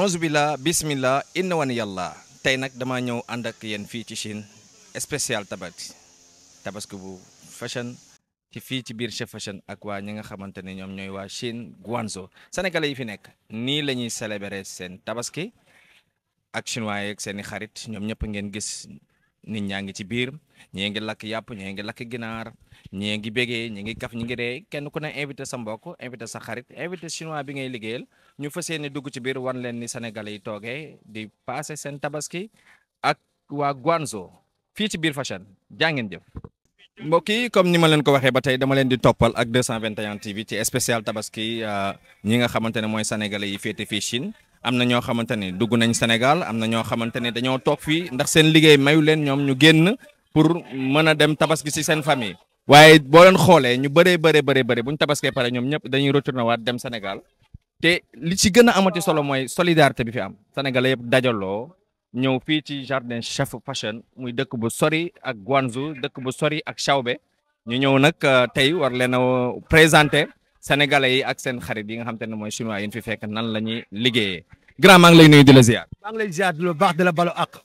onze billah bismillah inna wan yàlla tey nag damaa ñëw ànd ak yéen fii ci Chine spécial tabaski tabaski bu fashion ci fii ci biir chef fashion ak waa ñi nga xamante ne ñoom ñooy waa Chine Guangzhou senegale yi fi nekk nii la ñuy célébrer seen tabaski ak chinois yeeg seen i xarit ñoom ñëpp ngeen gis nit ñaa ngi ci biir ñee ngi lakk yàpp ñii ngi lakk ginaar ñii ngi bégee ñii ngi kaf ñi ngi ree kenn ku ne invité sa mbokk invité sa xarit invité chinois bi ngay liggéeyal ñu fas yéene dugg ci biir wan leen ni Sénégalais yi toogee di paase seen tabaski ak waa Guangzhou fii ci biir fashion jaa ngeen jëf. mbokk yi comme ni ma leen ko waxee ba tey dama leen di toppal ak 221 TV ci spécial tabaski euh, ñi nga xamante ne mooy sénégalais yi féete fii Chine. am na ñoo xamante ne dugg nañ Sénégal am na ñoo xamante ne dañoo toog fii ndax seen liggéey mayu leen ñoom ñu génn pour mën a dem tabaski si seen famille. waaye boo leen xoolee ñu bare bëree bëree bëri bu ñu tabaskee pare ñoom ñëpp dañuy retourné waat dem Sénégal te li ci gën a amati solo mooy solidarité bi fi am sénégalais yëpp dajaloo ñow fii ci jardin chef fashion muy dëkk bu sori ak Guangzhou dëkk bu sori ak Chawbe ñu ñëw nag euh, tey war leen a présenter sénégalais yi ak seen xarit yi nga xam te ne mooy chinois yi ñu fi fekk nan la ñuy liggéeyee. grand maa ngi lay nuyu di la ziar. maa ngi lay baax di la balu ak.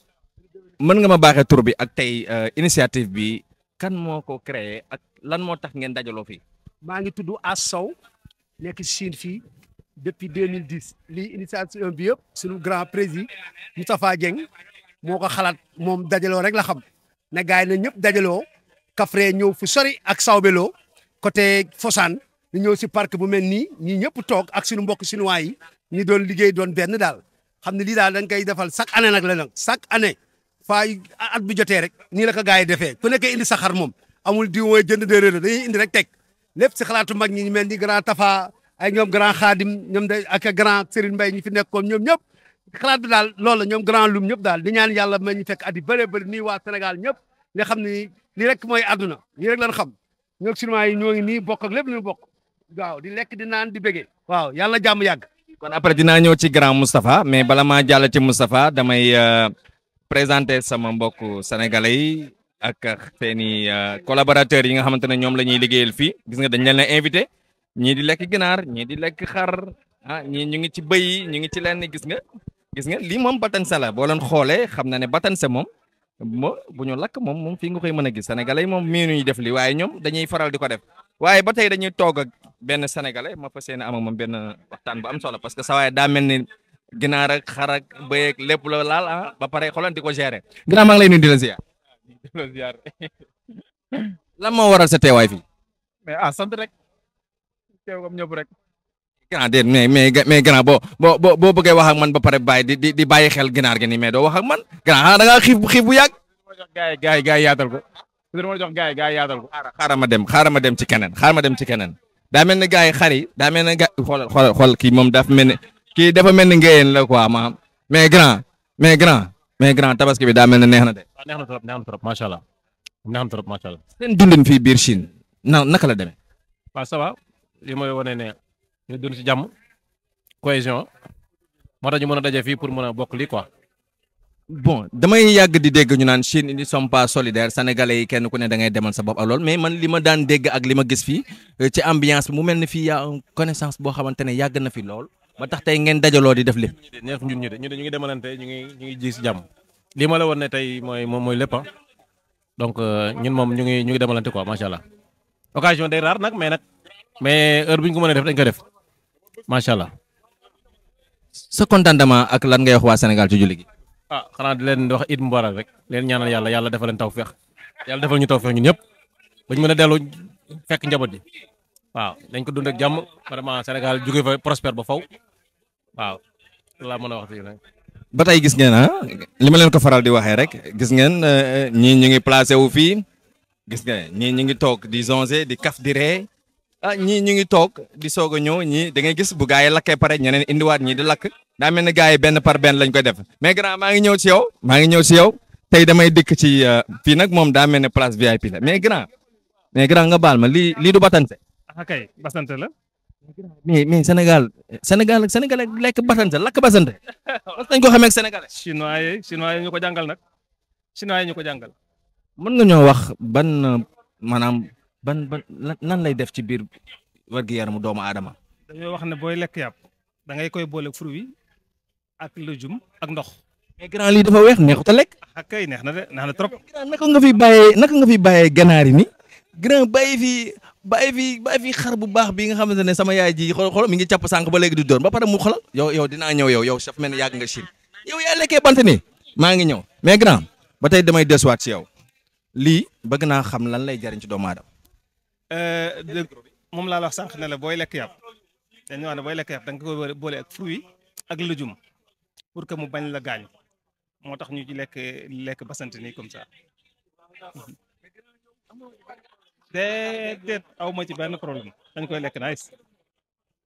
mën nga ma baaxee tur bi ak tey euh, initiative bi kan moo ko créer ak lan moo tax ngeen dajaloo fii. maa ngi tudd As Sow nekk Chine fii. depuis 2010 lii initiative bi yëpp suñu grand président Moustapha Dieng moo ko xalaat moom dajaloo rek la xam ne gars yi na ñëpp dajaloo Kaffrine ñëw fu sori ak Sawbelo côté Fossane ñu ñëw si parc bu mel nii ñi ñëpp toog ak suñu mbokk chinois yi ñu doon liggéey doon benn daal xam ne lii daal dañ koy defal chaque année nag la nag chaque année faay at bu jotee rek nii la ko gars yi defee ku nekkee indi saxar moom amul di mooy jënd de réer indi rek teg lépp si xalaatu mag ñi ay ñoom grand xaadim ñoom day ak grand Serigne mbay ñi fi nekkoon ñoom ñëpp xalaat bi daal loolu la ñoom grand lum ñëpp daal di ñaan yàlla ma ñu fekk at yi bëree ni nii waa Sénégal ñëpp nga xam ni lii mooy àdduna lii rek lañ xam ñoog yi ñoo ngi nii bokk ak lépp lu bokk waaw di lekk di naan di béggee waaw yàlla jàmm yàgg kon après dinaa ñëw ci grand Moustapha mais bala maa jàll ci Moustapha damay euh, présenter sama mbokk sénégalais yi ak seen i euh, collaborateurs yi nga xamante ne ñoom la ñuy liggéeyal fii gis nga dañ leen a invité ñii di lekk ginaar ñii di lekk xar ah ñii ñu ngi ci bëy ñu ngi ci lenn gis nga gis nga lii moom batanse la boo leen xoolee xam na ne se moom mo bu ñu lakk moom moom fii nga koy mën a gis sénégalais yi moom miinu ñu def li waaye ñoom dañuy faral di ko def waaye ba tey dañuy toog ak benn sénégalais ma fa yéene am ak moom benn waxtaan bu am solo parce que sa waaye daa mel ginaar ak xar ak bëy lépp la laal ah ba pare xoolal di ko gérer ginaar maa ngi lay nuyu di la ziar. lan moo waral sa teewaay teew comme ñëpp rek. gannaaw déet mais boo boo boo wax ak man ba pare bàyyi di di di bàyyi xel ginaar gi nii mais doo wax ak man gannaaw xanaa da ngaa bu xiif bu yàgg. gaay gaay gaay yaatal ko. dina ma jox gaay gaay yaatal ko. xaaral ma dem xaaral ma dem ci keneen xaaral ma dem ci kenen daa mel ni gaay xar yi daa mel ni gaay xoolal xoolal xool kii moom dafa mel ni kii dafa mel ni ngeen la quoi maam mais grand mais grand mais grand tabaski bi daa mel ne na de. waaw ah, neex na trop neex na trop macha allah neex na trop macha allah. seen dundin fii biir Chine na naka la demee. li mooy wane ne ñu dund ci jàmm cohésion moo ta ñu mën a daje fii pour mën a bokk lii quoi. bon damay yàgg di dégg ñu naan Chine ils ne sont pas solidaires sénégalais yi kenn ku ne dangay demal sa bopp lool mais man li ma daan dégg ak li ma gis fii euh, ci ambiance mu mel ne fii yaa connaissance boo xamante ne yàgg na fi lool ba tax tey ngeen dajaloo di def lépp. ñun ñu ñu ñu ngi demalante ñu ngi ñu ngi ji si jàmm lii ma la woon ne tey mooy moom mooy lépp ah. donc euh, ñun moom ñu ngi ñu ngi demalante quoi macha allah occasion day rare nag mais nag. mais heure bu ñu ko mënee def dañ ko def macha allah. sa contentement ak lan ngay wax waa Sénégal ci julli gi. ah xanaa di leen wax it mubarak rek leen ñaanal yàlla yàlla defa leen taw tawféex yàlla defal ñu tawféex ñun ñëpp bañ mën a dellu fekk njaboot yi waaw dañ ko dund ak jàmm vraiment Sénégal jóge fa prospère ba faw waaw laa mën a wax fii rek. ba tey gis ngeen ah li ma leen ko faral di waxee rek gis ngeen eh, eh, ñii ñu ngi placé wu fii gis ngeen ñii ñu ngi toog di zonze di kaf di ree ah ñii ñu ngi toog di soog a ñëw ñii da ngay gis bu gaa yi lakkee pare ñeneen indiwaat ñii di lakk daa mel benn par benn lañ koy def mais grand maa ngi ñëw ci tey damay dikk ci euh, fii nag moom daa mel ne place VIP la mais grand mais grand nga baal ma li lii du batante. ah kay batante la. mais mais Sénégal Sénégal ak Sénégal lekk batante lakk batante. parce que ñu ko xamee ak Sénégal. chinois yi chinois yi ñu ko jàngal nag chinois yi ko jàngal. mën nga ñoo wax ban euh, maanaam ban ban nan lay def ci biir wér-gu-yaramu doomu aadama. dañoo wax ne booy lekk yàpp da ngay koy boole fruit ak lëjum ak ndox. mais grand lii dafa weex neexut a lekk. ah kay neex na de neex na trop. grand naka nga fi bàyyee naka nga fi bàyyee ganaar yi nii. grand bàyyi fi bàyyi fi bàyyi xar bu baax bi nga xamante ne sama yaay ji xool xool mi ngi càpp sànq ba léegi di door ba pare mu xoolal yow yow dinaa ñëw yow yow chef mel ne yàgg nga Chine yow yaa lekkee bant nii maa ngi ñëw mais grand ba tey damay desuwaat si yow lii bëgg naa xam lan lay jariñ ci doomu aadama Euh, dëgg moom laa la wax sànq ne la booy lekk yàpp dañuy wax ne booy lekk yàpp da nga koy boole ak fruit ak lëjum pour que mu bañ la gaañ moo tax ñu ci lekk lekk basante nii comme ça. déedéet aw ma ci benn problème dañ koy lekk nice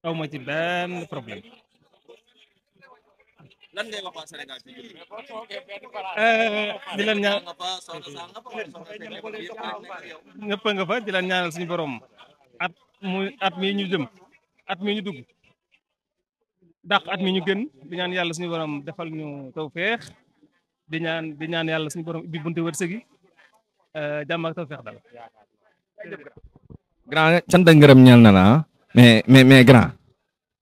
aw ma ci benn problème. lan ngay ñaan ñëpp nga fa di leen ñaanal suñu borom at mu mi ñu jëm at mi ñu dugg dàq at mi ñu gën di ñaan yàlla suñu borom defal ñu tawféex di ñaan di ñaan yàlla suñ borom ubbi bunte wërsëg yi eh, jàmm ak tawféex daal. grand sant ak ngërëm na la ah. mais mais grand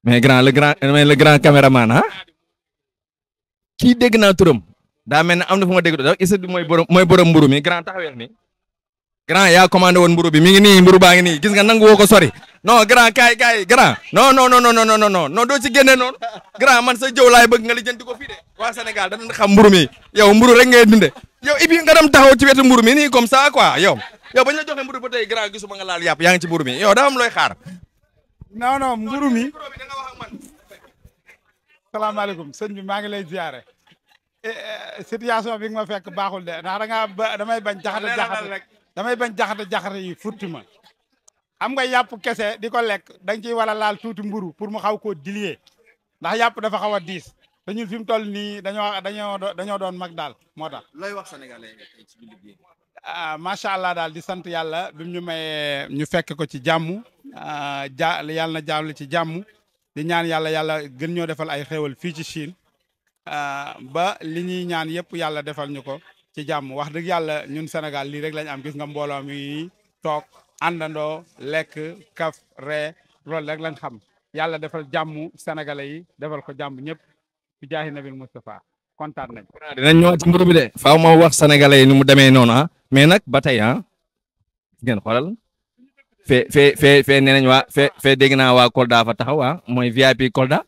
mais grand le grand kii dégg naa turam daa mel ne am na fu ma mburu mi grand taxaweel ni mburu bi mi ngi nii mburu baa ngi nii gis nga nangu woo ko sori non grand kaay kaay grand non non non non non non non grand man sa jëw laay bëgg nga ko fii de waa Sénégal danañ xam mburu mi yow mburu rek ngay dunde yow ibi nga dem taxaw ci wetu mburu mi nii comme ça quoi yow yow bañ la joxe mburu ba tey grand gisuma nga laal yàpp yaa mburu mi yow daa am looy salaamaaleykum sëñ bi maa ngi lay ziare. Eh, eh, situation bi nga ma fekk baaxul de ndax da ngaa ba damay bañ. jaxata jaxata damay bañ jaxata jaxata yi futti ma. xam nga yàpp kese di ko lekk da nga war a laal tuuti mburu pour mu xaw ko dilier ndax yàpp dafa xaw a diis dañu ñun fi mu toll nii dañoo dañoo dañoo doon mag daal moo tax. looy wax sénégalais ah macha allah daal di sant yàlla bi ñu mayee ñu fekk ko ci jàmm ah, ja yàlla na jaawle ci jàmm. di ñaan yàlla yàlla gën ñoo defal ay xéewal fii ci Chine ah, ba li ñuy ñaan yëpp yàlla defal ñu ko ci jàmm wax dëgg yàlla ñun senegal lii rek lañ am gis nga mbooloo mi toog àndandoo lekk kaf ree loolu rek lañ xam yàlla defal jàmm sénégalais yi defal ko jàmm ñëpp bi jaahi nabil Moustapha kontaan nañ. dinañ ñëwaat ci mbir de. faaw ma wax sénégalais yi ni mu demee noonu ah mais nag ba tey ah ngeen fe fe fe fe nee nañ waa fe fe dégg Kolda fa taxaw ah mooy VIP Kolda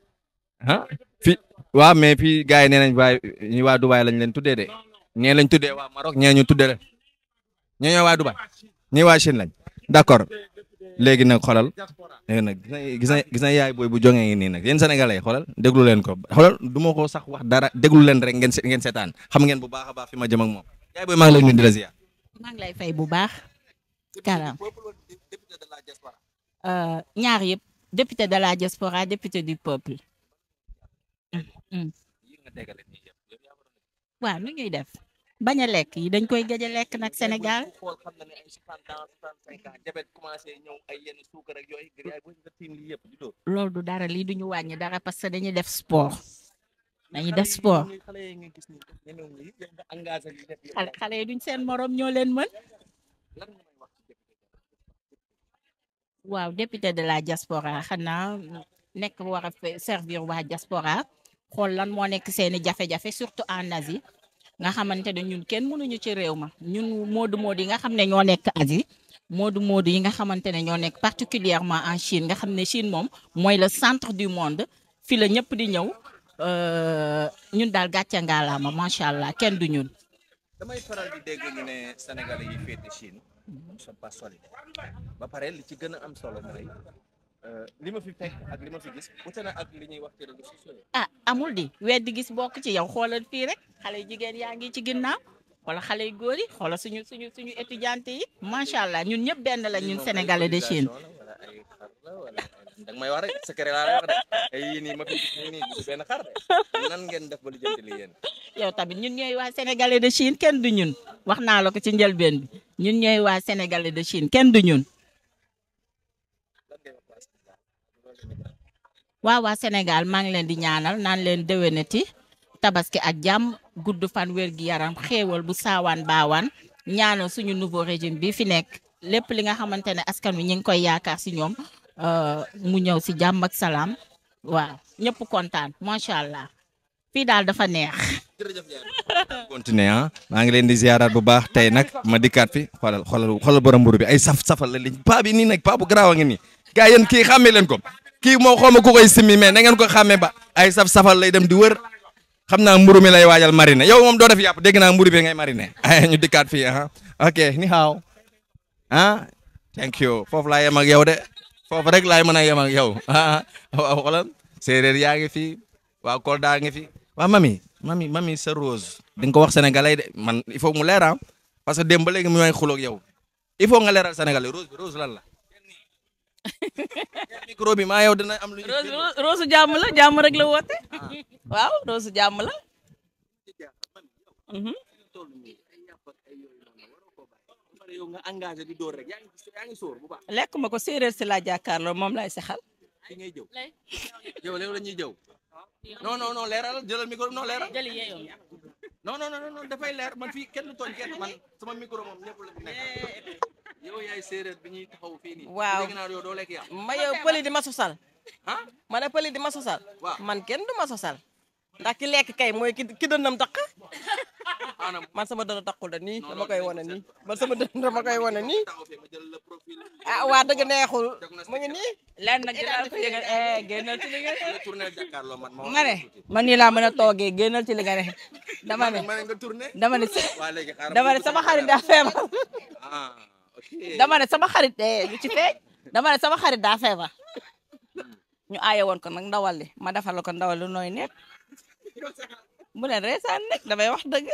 ah fi waaw mais fii gars yi nee nañ waa ñi waa Dubaay lañ leen tuddee de ñee lañ tuddee waa Maroc ñee ñu tuddee leen ñee ñoo waa Dubaay ñii waa Chine lañ d'accord léegi nag xoolal léegi nag gis na gis na yaay booy bu jongee ngi nii nag yéen sénégalais xoolal déglu leen ko xoolal du ma ko sax wax dara déglu leen rek ngeen ngeen seetaan xam ngeen bu baax a baax fi ma jëm ak moom yaay booy maa ngi lay nuyu di la ziar maa karam Euh, ñaar yëpp député de la diaspora député du peuple. Mm-hmm. waaw nu ñuy def bañ a lekk yi dañ koy gëj a lekk nag Sénégal. loolu du dara lii du ñu wàññi dara parce que dañuy def sport. dañuy def sport xale xale yi duñ seen morom ñoo leen mën. waaw député de la diaspora xanaa nekk war a servir waa diaspora xool lan moo nekk seeni jafe-jafe surtout en Asie nga xamante ne ñun kenn mënuñu ci réew ma ñun moodu moodu yi nga xam ne ñoo nekk Asie moodu moodu yi nga xamante ne ñoo nekk particulièrement en Chine nga xam ne Chine moom mooy le centre du monde fi la ñëpp di ñëw euh, ñun daal gàcce ngaalaama macha allah kenn du ñun. nous sommes pas ba pare li ci gën a am solo mooy euh, li ma fi fekk ak li ma fi gis wute ak li ñuy wax ci réseaux sociaux ah amul di wedd gis bokk ci yow xoolal fii rek xale jigéen yaa ngi ci ginnaaw wala xale yu góor yi xoolal suñu suñu suñu étudiante yi macha allah ñun ñëpp benn la ñun sénégalais de Chine. tahu ndang may wax rek sekerela eh, rek ay nan ngeen def ba lu jëm ci yéen yow tamit ñun ñooy waa sénégalais de Chine kenn du ñun wax naa la ko ci njëlbeen bi ñun ñooy waa sénégalais de Chine kenn du ñun waaw waa Sénégal maa ngi leen di ñaanal naan leen déwénati tabaski ak jàmm gudd fan wér gi yaram xéewal bu saawaan baawaan ñaanal suñu nouveau régime bi fi nekk lépp li nga xamante ne askan wi ñu ngi koy yaakaar si ñoom Euh, mu ñëw si jàmm ak salaam waaw ñëpp kontaan macha allah fii daal dafa neex. jërëjëf continuer ah. maa ngi leen di ziaraat bu baax tey nag ma dikkaat fi xoolal xoolal xoolal borom mburu bi ay saf safal la liñ paa bi nii nag paa bu garaaw a ngi nii. gars yéen kii xàmmee leen ko kii moo xooma ku koy simmi mais na ngeen ko xàmmee ba ay saf safal lay dem di wër. xam naa mburu mi lay waajal mariner yow moom doo def yàpp dégg naa mburu bi ngay marine ay ñu dikkaat fi ah ok ni haaw ah you foofu lay yem ak yow de. foofu rek laay mën a yem ak yow séeréer yaa ngi fi waa Kolda ngi fi waa mami mami mami sa rose di ko wax sénégalais de man il faut mu leer ah. parce que démb ba léegi mu may xuloog yow il faut nga leeral sénégalais rose bi rose lan la. micro bi maa dina am lu. rose rose jàmm la jàmm rek woote ah. waaw rose jàmm la. wala yow nga engagé di dóor rek yaa ngi yaa ngi sóor bu baax. lekk ma ko séeréer si laa jàkkaarloo moom laay saxal. ki ngay jëw yow léegi la ñuy jëw. non non non leeral jëlal micro non leeral. jëli yeeyoo non non non non dafay leer man fii kenn tooñ kenn man sama micro moom ñëpp la yow yaay séeréer bi ñuy taxaw fii nii. waaw léegi naa yow doo lekk yaa ma yow pëli di ma sosal. ah pëli di ma sosal. man kenn ma sosal. ndax ki lekk kay mooy ki ki dënnam taq man sama dënn taqul da nii dama koy wane nii man sama dënn dama koy wane nii ah, waa dëgg neexul mu ngi nii leen nag dinaa ko yëgal eh, génnal ci li nga ma ne man nii laa mën a toogee génnal ci li nga ne dama ne dama ne dama sama xarit daa feebar dama sama xarit lu ci dama sama xarit daa ñu aaye woon ko nag ndawal li ma defal la ko ndawal lu nooy nekk mu ne reesaan nag damay wax dëgg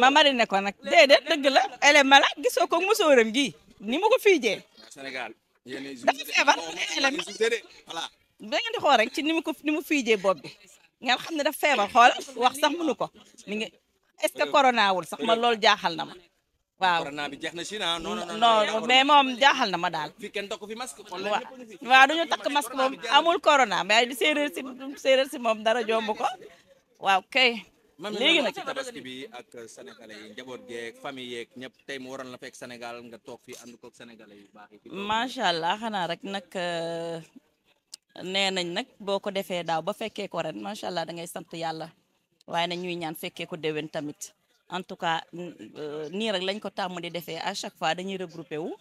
ma mari ne ko nag déedéet dëgg la ele mala gisoo ko musóoram gi ni mu ko fiijee dafa feebar ele mala da ngeen di xool rek ci ni mu ko ni mu fiijee bopp bi ngeen xam ne daf feebar xool wax sax mënu ko mi ngi est-ce que corona wul sax ma lool jaaxal na ma waaw corona na ah, moom jaaxal na ma daal. fii kenn takku fi masque. waaw waaw takk masque moom amul corona mais séeréer si séeréer si moom dara jomb ko. waaw kay. léegi nag ci tabaski bi ak sénégalais yi njaboot geeg famille yeeg ñëpp tey mu waroon la fekk Sénégal nga toog fii ànd koog sénégalais yu yi. macha allah xanaa rek nag euh, nee nañ nag boo ko defee daaw ba fekkee ko ren macha allah da ngay sant yàlla waaye na ñuy ñaan fekkee ko déwén tamit en tout cas euh, nii rek lañ ko tàmm di defee à chaque fois dañuy regrouper wu.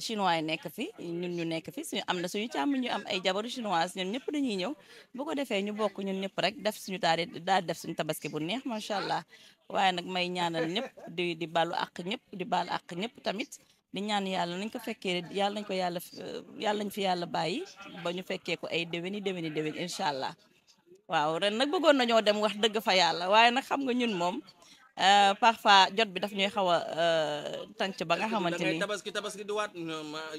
chinois yi nekk fi ñun ñu nekk fi suñu am na suñu càmm ñu am ay jabaru chinoise ñun ñëpp dañuy ñëw bu ko defee ñu bokk ñun ñëpp rek def suñu taari daal def suñu tabaski bu neex macha allah waaye nag may ñaanal ñëpp di di balu àq ñëpp di baal àq ñëpp tamit di ñaan yàlla nañ ko fekkee yàlla nañ ko yàlla yàlla nañ fi yàlla bàyyi ba ñu fekkee ko ay déwéni déwéni déwén incha allah waaw ren nag bëggoon nañoo dem wax dëgg fa yàlla waaye nag xam nga ñun moom Euh, parfois jot bi daf ñuy xaw a euh, tànc ba nga xamante ni tabaski tabaski du waat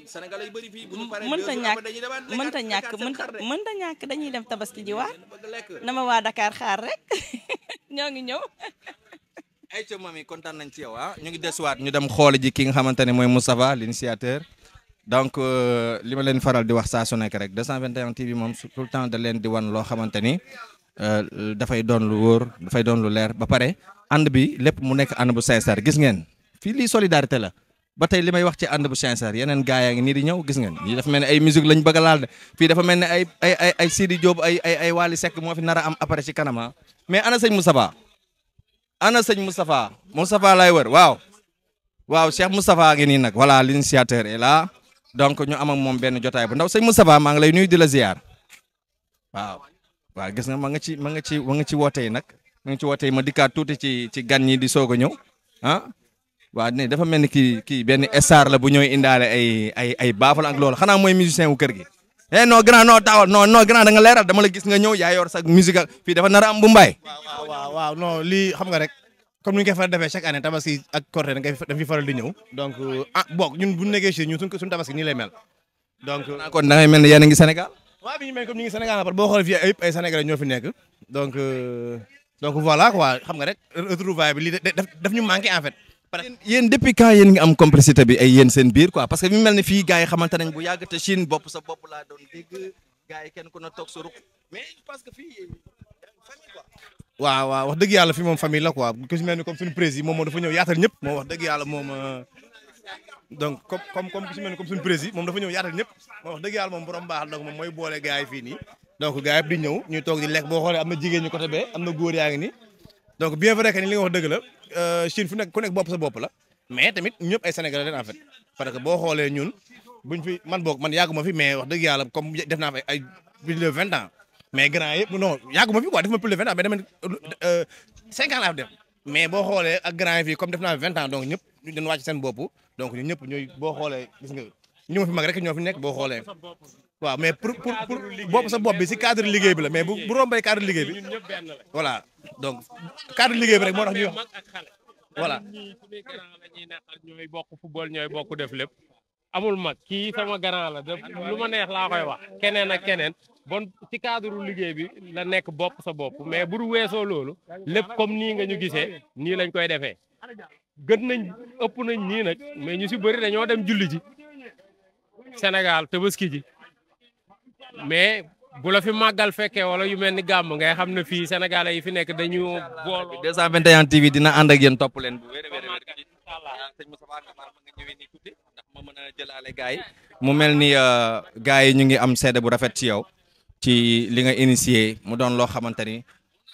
Sénégal ay bëri fii bu ñu paree mënta ñàkk mënta ñàkk mënta mënta ñàkk dañuy dem tabaski ji waat na ma waa dakaar xaar rek ñoo ngi ñëw ay ca mami kontaan nañ ci yow ah. ñu ngi desuwaat ñu dem xool ji ki nga xamante ne mooy Moustapha l'initiateur donc euh, li ma leen faral di wax saa su nekk rek 221 TV moom tout temps da leen di wan loo xamante ni Euh, euh, dafay doon lu wóor dafay doon lu leer ba pare ànd bi lépp mu nekk ànd bu sincère gis ngeen fii lii solidarité la ba tey li may wax ci ànd bu sincère yeneen gaa yaa ngi nii di ñëw gis ngeen ñii dafa mel ni ay musique lañ bëgg a laal de fii dafa mel ni ay ay ay ay Sidi Diop ay ay ay Wally Seck moo fi nar a am appareil ci kanama ah. mais ana sëñ Moustapha ana sëñ Moustapha Moustapha lay wër waaw waaw Cheikh Moustapha ngi nii nag voilà l'initiateur est là donc ñu am moom benn jotaay bu ndaw sëñ Moustapha maa ngi lay nuyu di la waaw gis nga ma nga ci ma nga ci ma nga ci woote yi nag ma nga ci woote ma dikkaat tuuti ci ci gan ñi di soog a ñëw ah waaw ne dafa mel ni kii kii benn star la bu ñëw indaale ay ay ay baafal ak loolu xanaa mooy musicien wu kër gi eh non grand non taawal non non grand da nga leeral dama la gis nga ñëw yaa yor sa musique ak fii dafa nar a am bu mbaay waaw lii xam nga rek comme ni ñu koy faral defee chaque année tabaski ak Korité da nga fi faral di ñëw donc euh, ah boog ñun bu ñu négocier ñun suñ suñu tabaski nii lay mel donc kon da ngay mel ne yéen ngi Sénégal waaw bi ñu mel comme ñu ngi Sénégal par boo xoolee fii ay ay Sénégalais fi nekk donc euh, donc voilà quoi xam nga rek retrouvaille bi lii daf ñu manqué en fait. yéen depuis quand yéen ngi am complicité bi ay yéen seen biir quoi parce que mi mel ne fii gars yi xamante nañ bu yàgg te Chine bopp sa bopp laa doon dégg gars yi kenn ku na toog sa mais je que fii famille quoi. waaw waaw wax dëgg yàlla fii moom famille la quoi ku si moom moo dafa ñëw yaatal ñëpp moom wax dëgg yàlla moom euh, donc comme comme ku si moom dafa ñëw yaatal ñëpp moom wax dëgg yàlla moom borom baax donc moom mooy boole gars yi fii nii donc gars yëpp di ñëw ñuy toog di lekk boo xoolee am na jigéen ñi côté bee am na góor yaa nii donc bien vrai que ni li nga wax dëgg la euh, Chine fu nekk bopp sa bopp la mais tamit ñëpp ay Sénégalais leen en fait parce que boo xoolee ñun buñ fi man boog man yàggu ma fi mais wax dëgg yàlla comme def naa fa ay vingt ans mais grand yëpp non yàggu ma fi quoi def ma euh, boo xoolee ak grand yi fii comme def naa ñëpp ñu doon wàcc seen bopp donc ñun ñëpp ñooy boo xoolee gis nga ñu fi mag rek ñoo fi nekk boo xoolee waaw mais pour pour pour bopp sa bopp bi si cadre liggéey bi la mais bu bu rombee cadre liggéey bi voilà donc cadre liggéey bi rek moo tax ñuy wax voilà. ñooy bokk football ñooy bokk def lépp amul mag kii sama grand la de lu ma neex laa koy wax keneen ak keneen bon ci cadre liggéey bi la nekk bopp sa bopp mais buru weesoo loolu lépp comme nii nga ñu gisee nii lañ koy defee. gën nañ ëpp nañ ñii nag mais ñu si bëri dañoo dem julli ji Sénégal tabaski ji mais bu la fi màggal fekkee wala yu mel ni gàmm ngay xam ne fii sénégalais yi fi nekk dañu bool 221 TV dina ànd ak yéen topp leen bu wér wér mu mel ni euh, gaay yi ñu ngi am seede bu rafet ci yow ci li nga initié mu doon loo xamante ni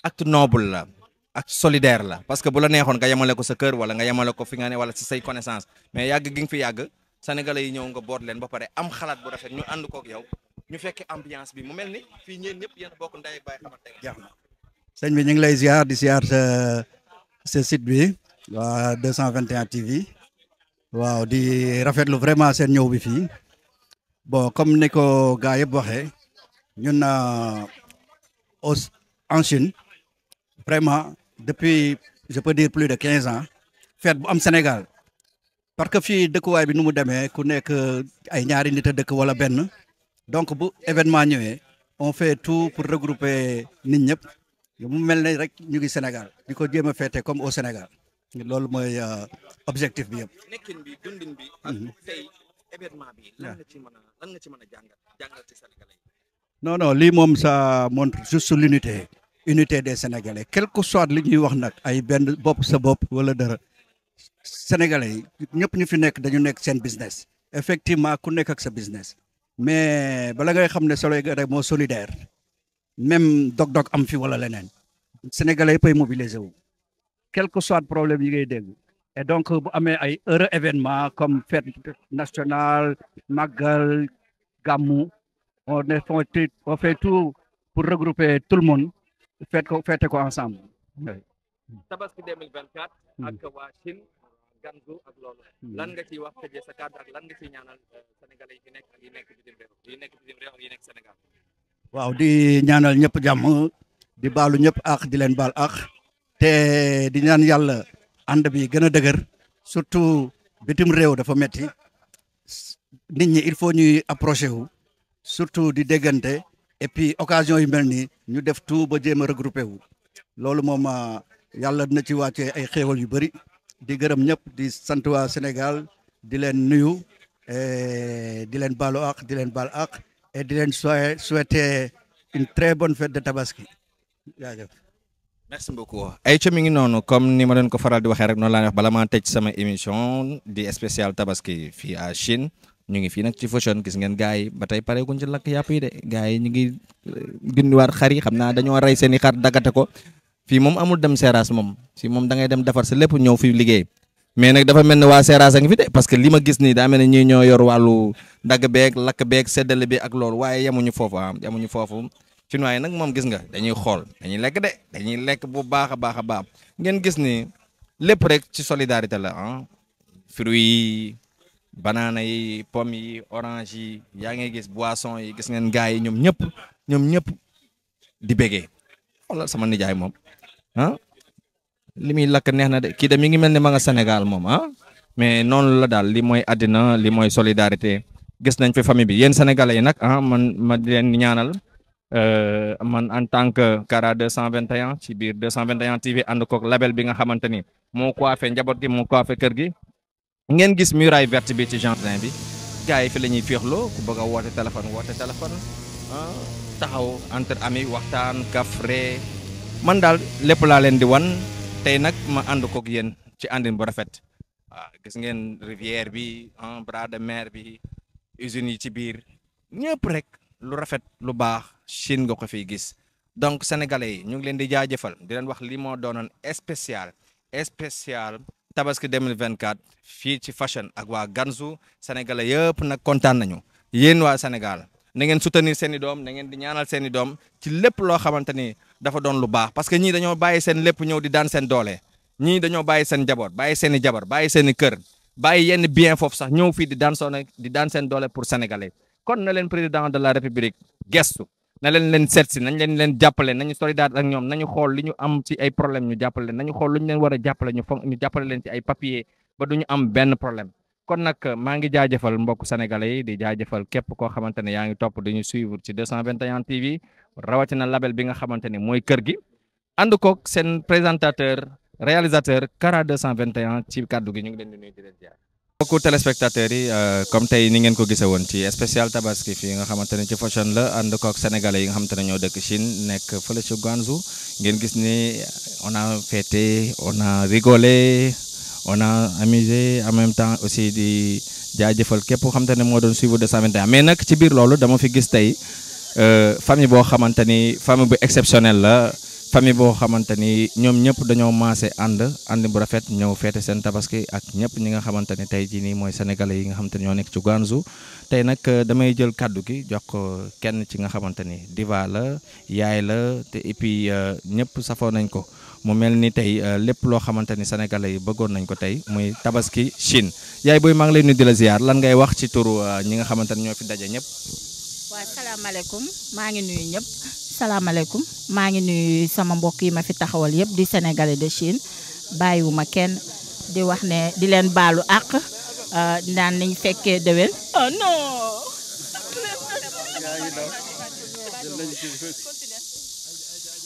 acte noble la ak solidaire la parce que bu la neexoon nga yemale ko sa kër wala nga yemale ko fi nga ne wala si say connaissance mais yàgg gi nga fi yàgg sénégalais yi ñëw nga boot leen ba pare am xalaat bu rafet ñu ànd kook yow ñu fekk ambiance bi mu mel ni fii ñeen ñëpp yéen bokk ndey ak baay xamante ne. sëñ bi ñu ngi lay ziar di ziar sa site bi waa 221 TV waaw di rafetlu vraiment seen ñëw bi fii bon comme ni ko gaa yëpp waxee ñun euh, au en vraiment depuis je peux dire plus de quinze ans fête bu am Sénégal parce que fii dëkkuwaay bi nu mu demee ku nekk euh, ay ñaari nit dëkk wala benn donc bu événement ñëwee on fait tout pour regrouper nit ñëpp mu mel ne rek ñu ngi Sénégal di ko jéem a féete comme au Sénégal loolu mooy euh, objectif bi yëpp. nekkin bi dundin bi. ak mhm. ci mën a lan lii moom ça montre juste l'unité unité des sénégalais quel que soit li ñuy wax nag ay benn bopp sa bopp wala dara sénégalais yi ñëpp ñu fi nekk dañu nekk seen business effectivement ku nekk ak sa business mais bala ngay xam ne Sénégal moo solidaire même dog-dog am fi wala leneen sénégalais yëppay mobiliser wu quel problème yi ngay dégg et donc bu amee ay heureux événement comme fête nationale màggal gàmmu on est on fait tout pour regrouper tout le monde feet ko feete ko ensemble. tabaski 2024. ak waa Chine ak loolu. lan nga wax tëjee sa kàddu ak lan ñaanal sénégalais yi fi nekk di ñaanal ñëpp jàmm di baalu ñëpp ak di leen baal ak te di ñaan yàlla ànd bi gën a dëgër surtout bitim réew dafa metti nit ñi il faut ñuy approché wu surtout di déggante. et puis occasion yu mel nii ñu def tout ba jéem a wu loolu moom ah, yàlla dina ci wàccee ay xéewal yu bëri di gërëm ñëpp di sant waa Sénégal di leen nuyu eh, di leen baalu di leen baal àq et di leen souhaiter une très bonne fête de Tabaski jaajëf merci beaucoup ay co mi ngi noonu comme ni ma ko faral di waxee rek noonu laa wax bala maa tëj sama émission di spécial Tabaski fii à Chine ñu ngi fii nag ci fashion gis ngeen gars yi ba tey pare guñ ci lakk yàpp yi de gars ñu ngi dindiwaat euh, xar yi xam naa dañoo rey seeni i xar daggate ko fii moom amul dem seeraas moom si moom dangay ngay dem defar sa lépp ñëw fi liggéey mais nag dafa mel ne waa seeraas a ngi fi de que li ma gis nii daa ne ñii ñoo yor wàllu dagg beeg lakk beeg seddale bi ak loolu waaye yemuñu foofu ah yemuñu foofu chinois yi nag moom gis nga dañuy xool dañuy lekk de dañuy lekk bu baax a baax a baax ngeen gis ni lépp rek ci solidarité la ah banaana yi pomme yi orange yi yaa ngi gis boisson yi gis ngeen gars yi ñoom ñëpp ñoom ñëpp di bégee xoolal sama nijaay moom ah, li muy lakk neex na de kii de mi ngi mel ni ma nga Sénégal moom ah mais noonu la daal li mooy àddina li mooy solidarité gis nañ fi famille bi yéen sénégalais yi nag ah man ma leen ñaanal euh, man en tant que Kara 221 ci biir 221 TV ànd koog label bi nga xamante ni moo coiffé njaboot gi moo coiffé kër gi. ngeen gis muraille verte bi ci jardin bi gars fi la ñuy féexloo ku bëgg a woote téléphone woote téléphone ah, taxaw entre ami waxtaan kafre man daal lépp laa leen di wan tey nag ma ànd kook yéen ci àndin bu rafet waaw ah, gis ngeen rivière bi en bras de mer bi usines yi ci biir ñëpp rek lu rafet lu baax Chine nga ko fiy gis donc sénégalais yi ñu ngi leen di jaajëfal di leen wax li moo doonoon spécial spécial tabaski 2024 fii ci fashion ak waa Ganzu sénégalais yëpp nag kontaan nañu yéen waa Sénégal na ngeen soutenir seen i doom na ngeen di ñaanal seen doom ci lépp loo xamante ni dafa doon lu baax parce que ñii dañoo bàyyi seen lépp ñëw di daan seen doole ñii dañoo bàyyi seen jaboot bàyyi seen i jabar bàyyi seen kër bàyyi yenn bien foofu sax ñëw fii di daan soone di daan seen doole pour sénégalais kon na président de la république gestu na leen leen seet si nañ leen leen jàppale nañu solidaire ak ñoom nañu xool li ñu am ci ay problème ñu jàppale leen nañu xool lu ñu leen war a jàppale ñu fon ñu jàppale leen ci ay papier ba du ñu am benn problème kon nag maa ngi jaajëfal mbokk sénégalais yi di jaajëfal képp koo xamante ne yaa ngi topp di ñu suivre ci 221 TV rawatina label bi nga xamante ne mooy kër gi ànd koog seen présentateur réalisateur Kara 221 ci kàddu gi ñu ngi leen di nuyu di leen jaar mbokku téléspectateurs yi euh, comme tey ni ngeen ko gisee woon ci spécial tabaski fi nga xamante ne ci fashion la ànd kook sénégalais yi nga xamante ne ñoo dëkk Chine nekk fële ci Guangzhou ngeen gis ni on a fêté on a rigolé on a en même temps aussi di jëfal képp koo xamante ne moo doon suivre 221 mais nag ci biir loolu dama fi gis tey euh, famille boo xamante ni famille bu exceptionnelle la. famille boo xamante ni ñoom ñëpp dañoo maase ànd ànd bu rafet ñëw feete seen tabaski ak ñëpp ñi nga xamante ni tey jii nii mooy sénégalais yi nga xamante ni ñoo nekk ci Guangzhou tey nag euh, damay jël kàddu gi jox ko kenn ci nga xamante ni diva la yaay la te et puis euh, ñëpp safoo nañ ko mu mel ni tey euh, lépp loo xamante ni sénégalais yi bëggoon nañ ko tey muy tabaski Chine yaay booy maa ngi lay nuyu di la ziar lan ngay wax ci turu ñi nga xamante ni ñoo fi daje ñëpp. waaw salaamaaleykum maa ngi nuyu ñëpp. salaamaaleykum maa ngi nuyu sama mbokk yi ma fi taxawal yëpp di sénégalais de Chine bàyyiwuma kenn di wax ne di leen baalu àq naan euh, nañ fekkee déwén. Oh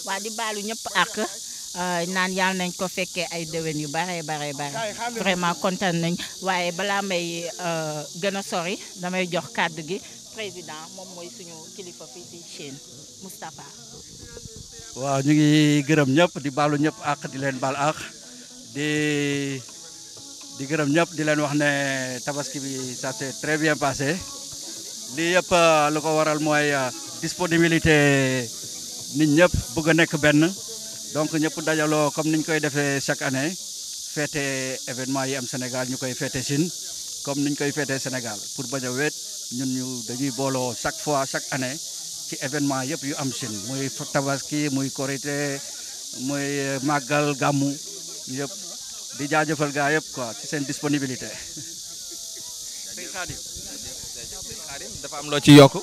waa di baalu ñëpp àq euh, naan yàlla nañ ko fekkee ay déwén yu bare bare bare vraiment kontaan nañ waaye balaa may euh, gën a sori damay jox kàddu gi. président moom mooy waaw ñu ngi gërëm ñëpp di baalu ñëpp àq di leen baal àq di di gërëm ñëpp di leen wax ne tabaski bi ça s'est très bien passé lii yëpp euh, lu ko waral mooy euh, disponibilité nit ñëpp bëgg a nekk benn donc ñëpp dajaloo comme niñ koy defee chaque année fête événement yi am Sénégal ñu koy fête Chine. comme niñ koy feetee Sénégal pour bañ a weet ñun ñu dañuy booloo chaque fois chaque année ci événement yëpp yu am Chine muy tabaski muy korité muy euh, màggal gàmmu yëpp di jaajëfal gaa yëpp quoi ci seen disponibilité. Sëñ dafa am loo ci yokk.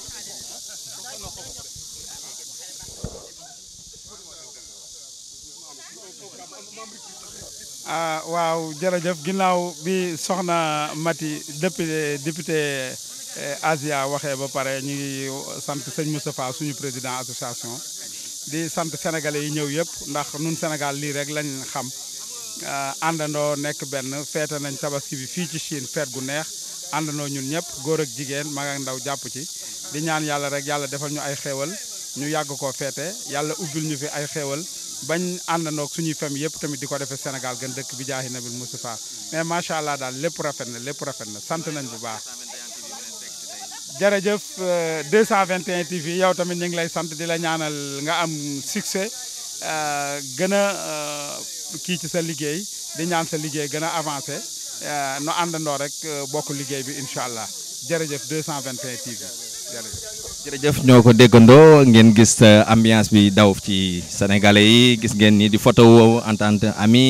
Ah, waaw jërëjëf ginnaaw bi soxna Mati député député eh, Asia waxee ba pare ñu ngi sant sëñ Moustapha suñu président association di sant sénégalais yi ñëw yëpp ndax nun Sénégal lii rek lañ xam ah, àndandoo nekk benn feete nañ tabaski bi fii ci Chine feet gu neex àndandoo ñun ñëpp góor ak jigéen mag ak ndaw jàpp ci di ñaan yàlla rek yàlla defal ñu ay xéewal ñu yàgg ko feete yàlla ubbil ñu fi ay xéewal bañ àndandoo suñuy famille yëpp tamit di ko defee Sénégal gën dëkk bi jaahi nabil Moustapha mais macha allah daal lépp rafet na lépp rafet na sant nañ bu baax. jërëjëf 221 euh, TV yow tamit ñu ngi lay sant di la ñaanal nga am succès euh, gën a euh, kii ci sa liggéey di ñaan sa liggéey gën a avancé nu àndandoo rek bokk liggéey bi incha allah jërëjëf 221 TV. jërëjëf ñoo ko déggandoo ngeen gis euh, ambiance bi daw ci sénégalais yi gis ngeen nii di photo woo en ami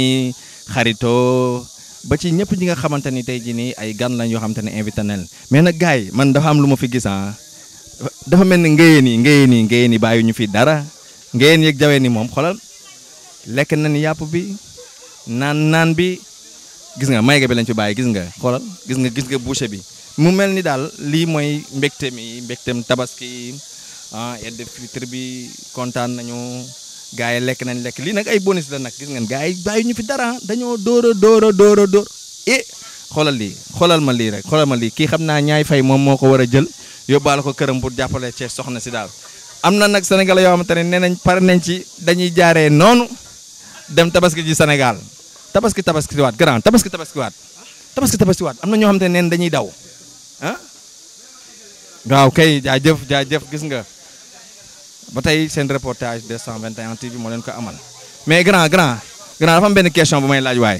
xarito ba ci ñëpp ñi nga xamante ni tey jii nii ay gan lañ yoo xamante ne invité nañ mais nag gars yi man dafa am lu ma fi gis ah dafa mel ni ngéyeen yi ngéyeen yi ngéyeen yi bàyyi ñu fi dara ngéyeen yeeg jaween ni moom xoolal lekk ni yàpp bi naan naan bi gis nga may ga bi lañ fi bàyyi gis nga xoolal gis nga gis nga boucher bi mu mel ni daal lii mooy mbégte mi mbégtem tabaski ah Aïd bi kontaan nañu gars yi lekk nañ lekk lii nag ay bonus la nag gis ngeen gars yi bàyyi ñu fi dara dañoo door a door a door eh, xoolal lii xoolal ma lii rek xoolal ma lii kii xam naa ñaay fay moom moo ko war a jël yóbbaale ko këram bu jàppale cee soxna si daal. am na nag Sénégal yoo xamante ne nee nañ pare nañ ci dañuy jaaree noonu dem tabaski ji Sénégal tabaski tabaski waat grand tabaski tabaski waat tabaski tabaski waat am na ñoo xamante ne neen dañuy daw. ah waaw kay jëf jaajëf jaajëf gis nga ba tey seen reportage 221 TV moo leen ko amal mais grand grand grand dafa benn question bu may laaj waay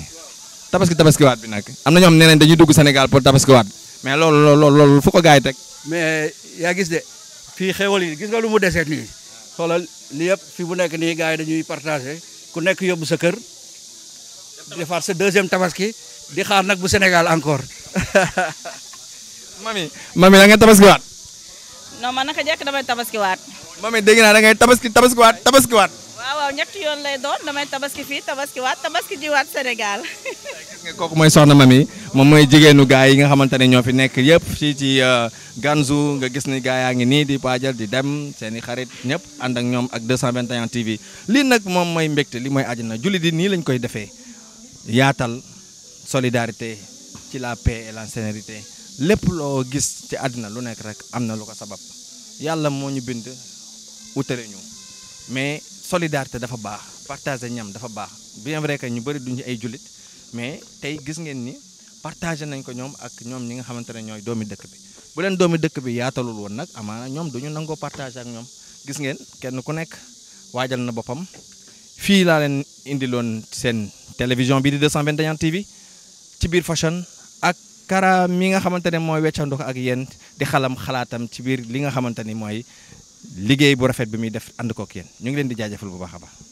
tabaski tabaskiwaat bi nag am na ñoom nee nañ dañuy dugg Sénégal pour tabaskiwaat mais loolu loolu loolu fu ko gars yi teg. mais yaa gis de fii xéwal yi gis nga lu mu deseet nii xoolal li yëpp fi bu nekk nii gars yi dañuy partagé ku nekk yóbbu sa kër defaat sa deuxième tabaski di xaar nag bu Sénégal encore. mami mami da tabaskiwaat. non ma naka jekk damay tabaskiwaat. mami dégg naa da ngay tabaski tabaskiwaat tabaskiwaat. waaw waaw ñetti yoon lay doon damay tabaski fii tabaskiwaat tabaski jiwaat Sénégal. kooku mooy soxna mami moom mooy jigéenu gaa yi nga xamante ne ñoo fi nekk yëpp fii ci euh, Ganzu nga gis ni gaa yaa ngi nii di paajal di dem seen i xarit ñëpp ànd ak ñoom ak de 221 TV lii nag moom mooy mbégte li mooy àjjana jullit yi nii lañ koy defee yaatal solidarité ci la paix et la sérénité. lépp loo gis ci àddina lu nekk rek am na lu ko sabab yàlla moo ñu bind utale ñu mais solidarité dafa baax partager ñam dafa baax bien vrai que ñu bëri duñ ci ay jullit mais tey gis ngeen ni partager nañ ko ñoom ak ñoom ñi nga xamante ne ñooy doomi dëkk bi bu leen doomi dëkk bi yaatalul woon nag amaana ñoom du duñu nangoo partager ak ñoom gis ngeen kenn ku nekk waajal na boppam fii laa leen indiloon seen télévision bi di 221 TV ci biir fashion Kara mi nga xamante ne mooy weccandoo ko ak yéen di xalam xalaatam ci biir li nga xamante ni mooy liggéey bu rafet bi muy def ànd kook yéen ñu ngi leen di jaajëfal bu baax a